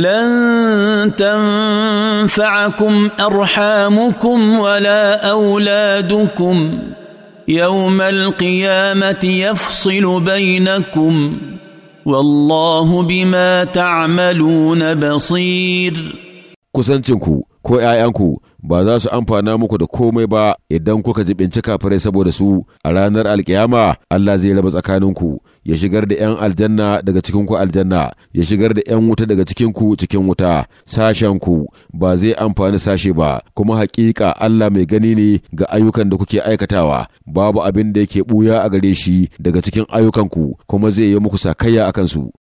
لن تنفعكم ارحامكم ولا اولادكم يوم القيامه يفصل بينكم والله بما تعملون بصير ba za su amfana muku da komai ba idan kuka ji bincika kafirai saboda su a ranar alkiyama Allah zai raba tsakaninku ya shigar da 'yan aljanna daga cikinku aljanna ya shigar da 'yan wuta daga cikinku cikin wuta sashenku ba zai amfani sashe ba kuma hakika Allah mai gani ne ga ayyukan da kuke aikatawa babu abin da yake ɓuya a gare shi daga cikin ayyukanku kuma zai yi muku sakayya a kansu.